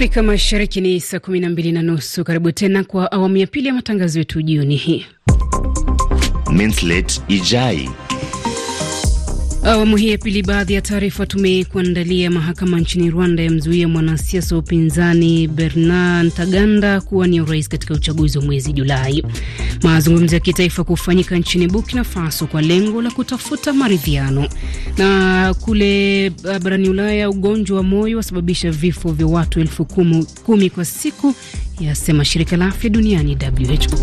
Afrika Mashariki ni saa kumi na mbili na nusu. Karibu tena kwa awamu ya pili ya matangazo yetu jioni hii. minslate Ijai Awamu hii ya pili, baadhi ya taarifa tumekuandalia. Mahakama nchini Rwanda yamzuia mwanasiasa wa upinzani Bernard Ntaganda kuwania urais katika uchaguzi wa mwezi Julai. Mazungumzo ya kitaifa kufanyika nchini Burkina Faso kwa lengo la kutafuta maridhiano. Na kule uh, barani Ulaya, ugonjwa wa moyo wasababisha vifo vya watu elfu kumi kwa siku, yasema shirika la afya duniani WHO.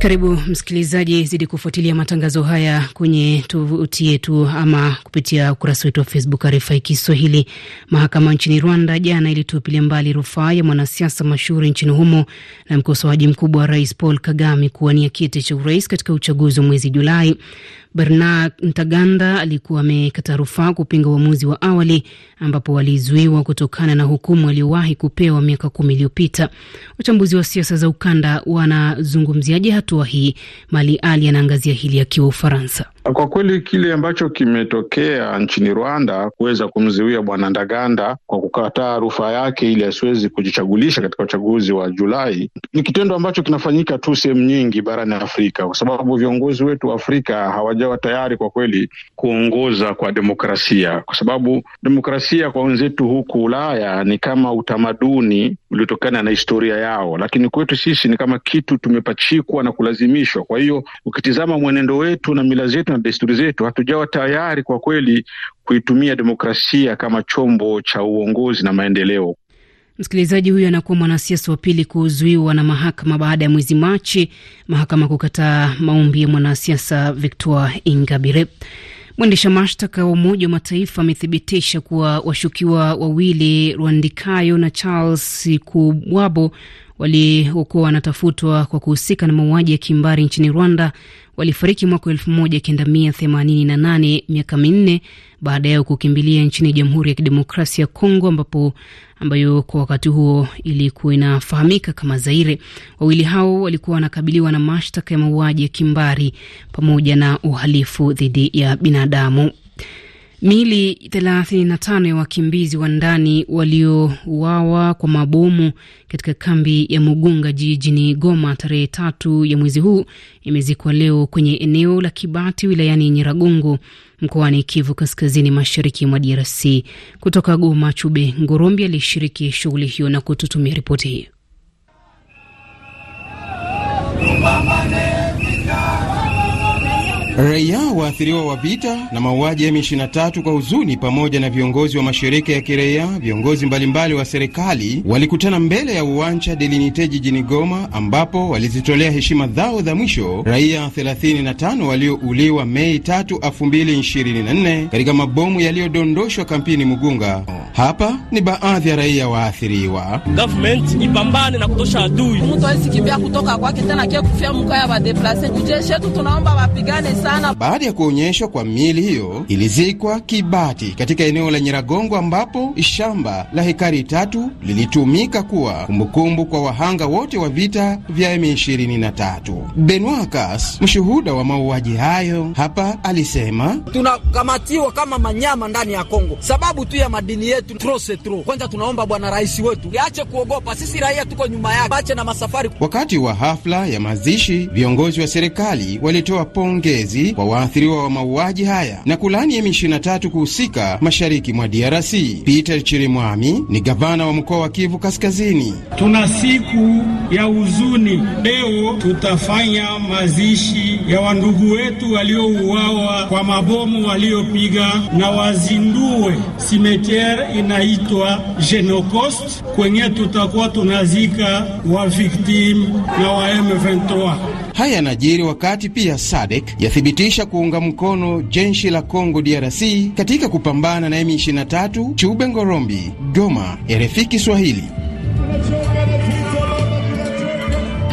Karibu msikilizaji, zidi kufuatilia matangazo haya kwenye tovuti yetu ama kupitia ukurasa wetu wa Facebook RFI Kiswahili. Mahakama nchini Rwanda jana ilitupilia mbali rufaa ya mwanasiasa mashuhuri nchini humo na mkosoaji mkubwa wa rais Paul Kagame kuwania kiti cha urais katika uchaguzi wa mwezi Julai. Bernard Ntaganda alikuwa amekata rufaa kupinga uamuzi wa awali ambapo walizuiwa kutokana na hukumu aliyowahi kupewa miaka kumi iliyopita. Wachambuzi wa siasa za ukanda wanazungumziaje hatua hii? Mali Ali anaangazia hili akiwa Ufaransa. Kwa kweli kile ambacho kimetokea nchini Rwanda kuweza kumziwia bwana ndaganda kwa kukataa rufaa yake ili asiwezi kujichagulisha katika uchaguzi wa Julai ni kitendo ambacho kinafanyika tu sehemu nyingi barani Afrika, kwa sababu viongozi wetu wa Afrika hawaja hawajawa tayari kwa kweli kuongoza kwa demokrasia, kwa sababu demokrasia kwa wenzetu huku Ulaya ni kama utamaduni uliotokana na historia yao, lakini kwetu sisi ni kama kitu tumepachikwa na kulazimishwa. Kwa hiyo ukitizama mwenendo wetu na mila zetu na desturi zetu, hatujawa tayari kwa kweli kuitumia demokrasia kama chombo cha uongozi na maendeleo. Msikilizaji huyo anakuwa mwanasiasa wa pili kuzuiwa na mahakama baada ya mwezi Machi mahakama kukataa maombi ya mwanasiasa Victor Ingabire. Mwendesha mashtaka wa Umoja wa Mataifa amethibitisha kuwa washukiwa wawili Rwandikayo na Charles Kubwabo waliokuwa wanatafutwa kwa kuhusika na mauaji ya kimbari nchini Rwanda walifariki mwaka mia themanini na nane miaka minne baada yao kukimbilia nchini Jamhuri ya Kidemokrasia ya Kongo ambapo ambayo kwa wakati huo ilikuwa inafahamika kama Zaire. Wawili hao walikuwa wanakabiliwa na mashtaka ya mauaji ya kimbari pamoja na uhalifu dhidi ya binadamu. Miili 35 ya wakimbizi wa ndani waliouawa kwa mabomu katika kambi ya Mugunga jijini Goma tarehe tatu ya mwezi huu imezikwa leo kwenye eneo la Kibati wilayani Nyiragongo mkoani Kivu kaskazini mashariki mwa DRC. Kutoka Goma, Chube Ngorombi alishiriki shughuli hiyo na kututumia ripoti hiyo. Raia waathiriwa wa vita na mauaji ya M23 kwa huzuni, pamoja na viongozi wa mashirika ya kiraia, viongozi mbalimbali wa serikali walikutana mbele ya uwanja Delinite jijini Goma, ambapo walizitolea heshima zao za mwisho raia 35 waliouliwa Mei 3, 2024 katika mabomu yaliyodondoshwa kampini Mugunga. Hapa ni baadhi ya raia waathiriwa. Government ipambane na kutosha adui, mtu hawezi kutoka kwake tena, kia kufia mkaya wa deplase. Kujeshi yetu tunaomba wapigane sa sana. Baada ya kuonyeshwa kwa miili hiyo, ilizikwa Kibati katika eneo la Nyiragongo, ambapo shamba la hekari tatu lilitumika kuwa kumbukumbu kwa wahanga wote wa vita vya M23. Benoit Kas, mshuhuda wa mauaji hayo, hapa alisema, tunakamatiwa kama manyama ndani ya Kongo sababu tu ya madini yetu trosetro. Kwanza tunaomba bwana rais wetu ache kuogopa, sisi raia tuko nyuma yake, ache na masafari. Wakati wa hafla ya mazishi, viongozi wa serikali walitoa pongezi ulinzi kwa waathiriwa wa mauaji haya na kulani M23 kuhusika mashariki mwa DRC. Peter Chirimwami ni gavana wa mkoa wa Kivu Kaskazini. Tuna siku ya huzuni leo, tutafanya mazishi ya wandugu wetu waliouawa kwa mabomu waliopiga, na wazindue simetiere inaitwa Genocost kwenye tutakuwa tunazika wa victim na wa M23. Haya yanajiri wakati pia SADC yathibitisha kuunga mkono jeshi la congo DRC katika kupambana na M23. Chube Ngorombi, Goma, RFI Kiswahili.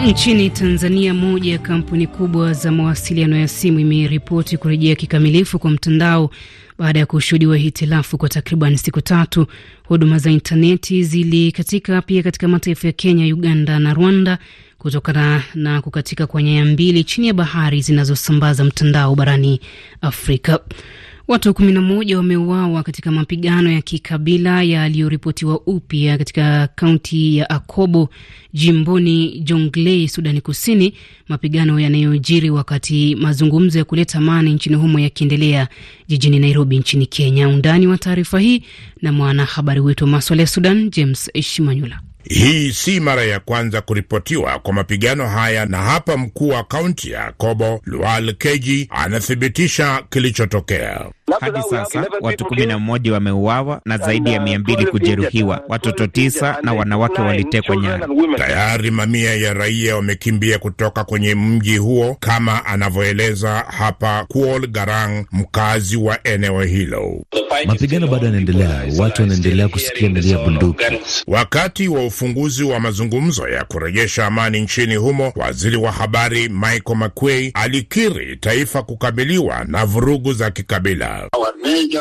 Nchini Tanzania, moja ya kampuni kubwa za mawasiliano ya simu imeripoti kurejea kikamilifu kwa mtandao baada ya kushuhudiwa hitilafu kwa takriban siku tatu. Huduma za intaneti zilikatika pia katika mataifa ya Kenya, Uganda na Rwanda kutokana na kukatika kwa nyaya mbili chini ya bahari zinazosambaza mtandao barani Afrika. Watu kumi na moja wameuawa katika mapigano ya kikabila yaliyoripotiwa upya katika kaunti ya Akobo jimboni Jonglei, Sudani Kusini, mapigano yanayojiri wakati mazungumzo ya kuleta amani nchini humo yakiendelea jijini Nairobi nchini Kenya. Undani wa taarifa hii na mwanahabari wetu wa maswala ya Sudan, James Shimanyula. Hii si mara ya kwanza kuripotiwa kwa mapigano haya, na hapa mkuu wa kaunti ya Kobo Lual Keji anathibitisha kilichotokea. Hadi sasa watu kumi na mmoja wameuawa na zaidi ya mia mbili kujeruhiwa. Watoto tisa na wanawake walitekwa nyara. Tayari mamia ya raia wamekimbia kutoka kwenye mji huo, kama anavyoeleza hapa Kuol Garang, mkazi wa eneo hilo. Mapigano bado yanaendelea, watu wanaendelea kusikia milio ya bunduki wakati wa ufunguzi wa mazungumzo ya kurejesha amani nchini humo, waziri wa habari Michael mcquay alikiri taifa kukabiliwa na vurugu za kikabila.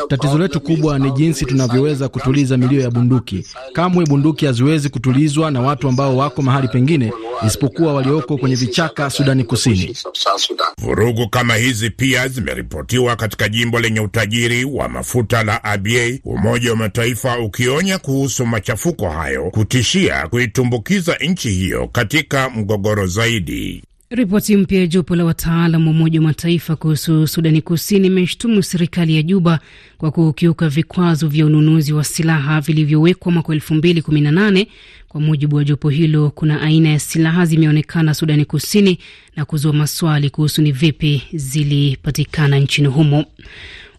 Tatizo letu kubwa ni jinsi tunavyoweza kutuliza milio ya bunduki. Kamwe bunduki haziwezi kutulizwa na watu ambao wako mahali pengine isipokuwa walioko kwenye vichaka Sudani Kusini. Vurugu kama hizi pia zimeripotiwa katika jimbo lenye utajiri wa mafuta la Abyei, Umoja wa Mataifa ukionya kuhusu machafuko hayo kutishia kuitumbukiza nchi hiyo katika mgogoro zaidi. Ripoti mpya ya jopo la wataalam wa Umoja wa Mataifa kuhusu Sudani Kusini imeshtumu serikali ya Juba kwa kukiuka vikwazo vya ununuzi wa silaha vilivyowekwa mwaka elfu mbili kumi na nane. Kwa mujibu wa jopo hilo, kuna aina ya silaha zimeonekana Sudani Kusini na kuzua maswali kuhusu ni vipi zilipatikana nchini humo.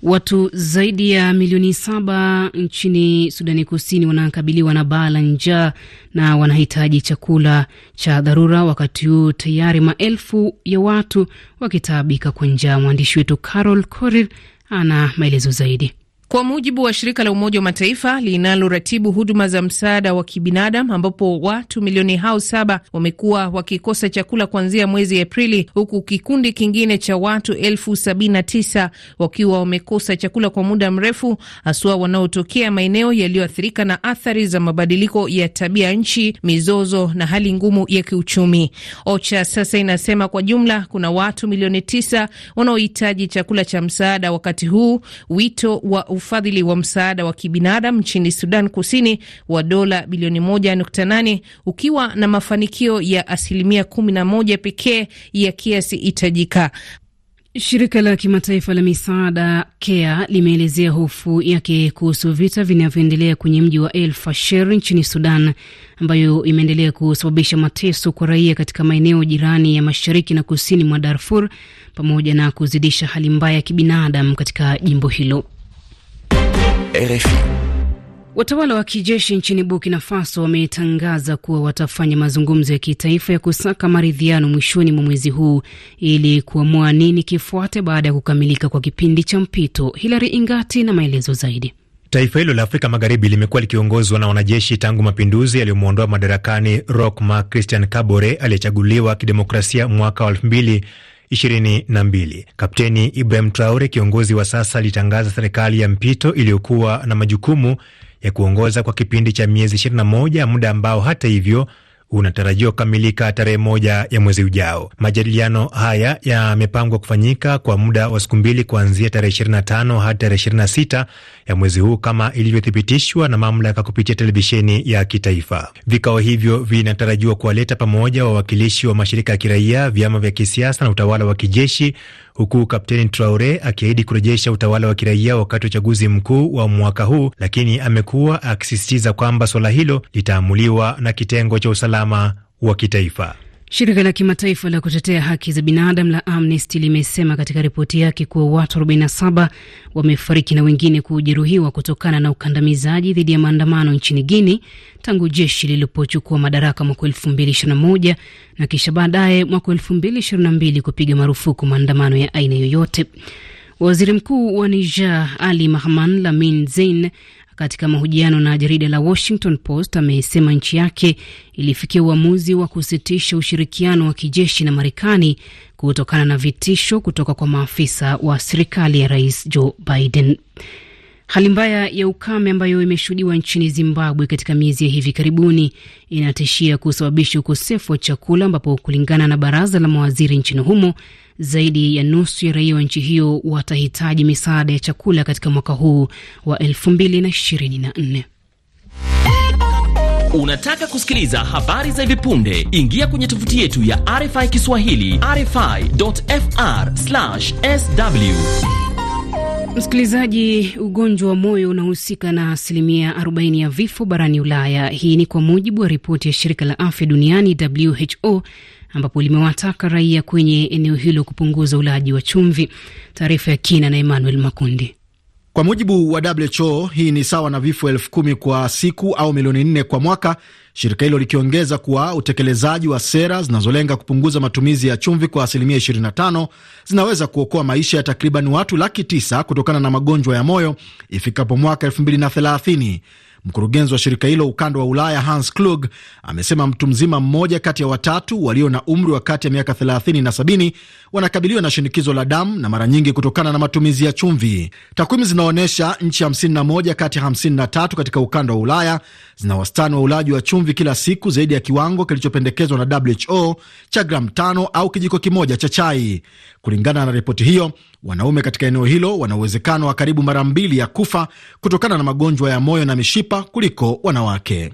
Watu zaidi ya milioni saba nchini Sudani Kusini wanakabiliwa na baa la njaa na wanahitaji chakula cha dharura, wakati huu tayari maelfu ya watu wakitaabika kwa njaa. Mwandishi wetu Carol Korir ana maelezo zaidi. Kwa mujibu wa shirika la Umoja wa Mataifa linaloratibu huduma za msaada wa kibinadamu, ambapo watu milioni hao saba wamekuwa wakikosa chakula kuanzia mwezi Aprili, huku kikundi kingine cha watu elfu sabini na tisa wakiwa wamekosa chakula kwa muda mrefu, haswa wanaotokea maeneo yaliyoathirika na athari za mabadiliko ya tabia nchi, mizozo na hali ngumu ya kiuchumi. OCHA sasa inasema kwa jumla kuna watu milioni tisa wanaohitaji chakula cha msaada wakati huu. Wito wa ufadhili wa msaada wa kibinadamu nchini Sudan Kusini wa dola bilioni 1.8 ukiwa na mafanikio ya asilimia 11 pekee ya kiasi hitajika. Shirika la kimataifa la misaada CARE limeelezea hofu yake kuhusu vita vinavyoendelea kwenye mji wa El Fasher nchini Sudan, ambayo imeendelea kusababisha mateso kwa raia katika maeneo jirani ya mashariki na kusini mwa Darfur, pamoja na kuzidisha hali mbaya ya kibinadamu katika jimbo hilo. RFI. Watawala wa kijeshi nchini Burkina Faso wametangaza kuwa watafanya mazungumzo ya kitaifa ya kusaka maridhiano mwishoni mwa mwezi huu ili kuamua nini kifuate baada ya kukamilika kwa kipindi cha mpito. Hilary Ingati na maelezo zaidi. Taifa hilo la Afrika Magharibi limekuwa likiongozwa na wanajeshi tangu mapinduzi yaliyomwondoa madarakani Roch Marc Christian Kabore aliyechaguliwa kidemokrasia mwaka wa elfu mbili 22. Kapteni Ibrahim Traore, kiongozi wa sasa, alitangaza serikali ya mpito iliyokuwa na majukumu ya kuongoza kwa kipindi cha miezi 21, muda ambao hata hivyo unatarajiwa kukamilika tarehe moja ya mwezi ujao. Majadiliano haya yamepangwa kufanyika kwa muda wa siku mbili kuanzia tarehe 25 hadi tarehe 26 ya mwezi huu kama ilivyothibitishwa na mamlaka kupitia televisheni ya kitaifa. Vikao hivyo vinatarajiwa kuwaleta pamoja wawakilishi wa mashirika ya kiraia, vyama vya kisiasa na utawala wa kijeshi huku Kapteni Traore akiahidi kurejesha utawala wa kiraia wakati wa uchaguzi mkuu wa mwaka huu, lakini amekuwa akisisitiza kwamba suala hilo litaamuliwa na kitengo cha usalama wa kitaifa. Shirika la kimataifa la kutetea haki za binadamu la Amnesty limesema katika ripoti yake kuwa watu 47 wamefariki na wengine kujeruhiwa kutokana na ukandamizaji dhidi ya maandamano nchini guini tangu jeshi lilipochukua madaraka mwaka 2021 na kisha baadaye mwaka 2022 kupiga marufuku maandamano ya aina yoyote. Waziri Mkuu wa Niger Ali mahman Lamin Zein katika mahojiano na jarida la Washington Post, amesema nchi yake ilifikia uamuzi wa kusitisha ushirikiano wa kijeshi na Marekani kutokana na vitisho kutoka kwa maafisa wa serikali ya Rais Joe Biden. Hali mbaya ya ukame ambayo imeshuhudiwa nchini Zimbabwe katika miezi ya hivi karibuni inatishia kusababisha ukosefu wa chakula, ambapo kulingana na baraza la mawaziri nchini humo zaidi ya nusu ya raia wa nchi hiyo watahitaji misaada ya chakula katika mwaka huu wa 2024. Unataka kusikiliza habari za hivi punde? Ingia kwenye tovuti yetu ya RFI Kiswahili, rfi.fr/sw. Msikilizaji, ugonjwa wa moyo unahusika na asilimia 40 ya vifo barani Ulaya. Hii ni kwa mujibu wa ripoti ya shirika la afya duniani WHO ambapo limewataka raia kwenye eneo hilo kupunguza ulaji wa chumvi. Taarifa ya kina na Emmanuel Makundi. Kwa mujibu wa WHO, hii ni sawa na vifo elfu kumi kwa siku au milioni nne kwa mwaka, shirika hilo likiongeza kuwa utekelezaji wa sera zinazolenga kupunguza matumizi ya chumvi kwa asilimia 25 zinaweza kuokoa maisha ya takriban watu laki tisa kutokana na magonjwa ya moyo ifikapo mwaka 2030. Mkurugenzi wa shirika hilo ukanda wa Ulaya Hans Klug amesema mtu mzima mmoja kati ya watatu walio na umri wa kati ya miaka 30 na 70 wanakabiliwa na shinikizo la damu na mara nyingi kutokana na matumizi ya chumvi. Takwimu zinaonyesha nchi 51 kati ya 53 katika ukanda wa Ulaya zina wastani wa ulaji wa chumvi kila siku zaidi ya kiwango kilichopendekezwa na WHO cha gramu 5 au kijiko kimoja cha chai. Kulingana na ripoti hiyo, wanaume katika eneo hilo wana uwezekano wa karibu mara mbili ya kufa kutokana na magonjwa ya moyo na mishipa kuliko wanawake.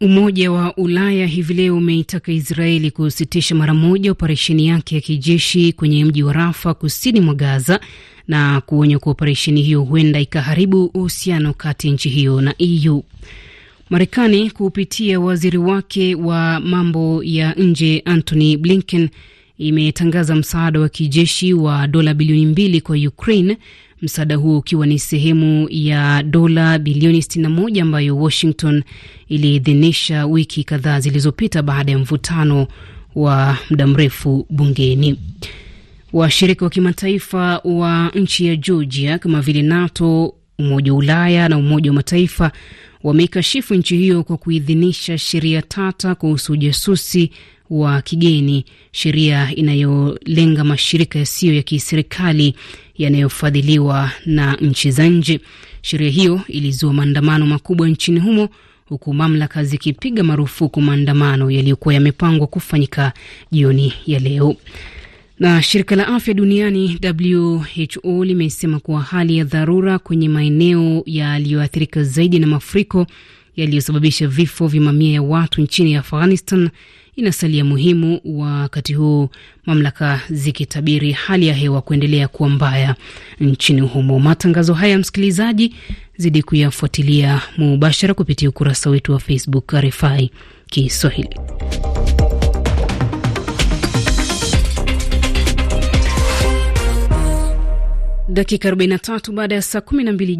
Umoja wa Ulaya hivi leo umeitaka Israeli kusitisha mara moja operesheni yake ya kijeshi kwenye mji wa Rafa kusini mwa Gaza na kuonya kuwa operesheni hiyo huenda ikaharibu uhusiano kati ya nchi hiyo na EU. Marekani kupitia waziri wake wa mambo ya nje Antony Blinken imetangaza msaada wa kijeshi wa dola bilioni mbili kwa Ukraine, msaada huo ukiwa ni sehemu ya dola bilioni 61 ambayo Washington iliidhinisha wiki kadhaa zilizopita baada ya mvutano wa muda mrefu bungeni. Washiriki wa kimataifa wa nchi ya Georgia kama vile NATO, Umoja wa Ulaya na Umoja wa Mataifa wameikashifu nchi hiyo kwa kuidhinisha sheria tata kuhusu ujasusi wa kigeni, sheria inayolenga mashirika yasiyo ya kiserikali yanayofadhiliwa na nchi za nje. Sheria hiyo ilizua maandamano makubwa nchini humo huku mamlaka zikipiga marufuku maandamano yaliyokuwa yamepangwa kufanyika jioni ya leo. Na shirika la afya duniani WHO limesema kuwa hali ya dharura kwenye maeneo yaliyoathirika zaidi na mafuriko yaliyosababisha vifo vya mamia ya watu nchini Afghanistan inasalia muhimu, wakati huu mamlaka zikitabiri hali ya hewa kuendelea kuwa mbaya nchini humo. Matangazo haya msikilizaji, zidi kuyafuatilia mubashara kupitia ukurasa wetu wa Facebook RFI Kiswahili. Dakika 43 baada ya saa 12.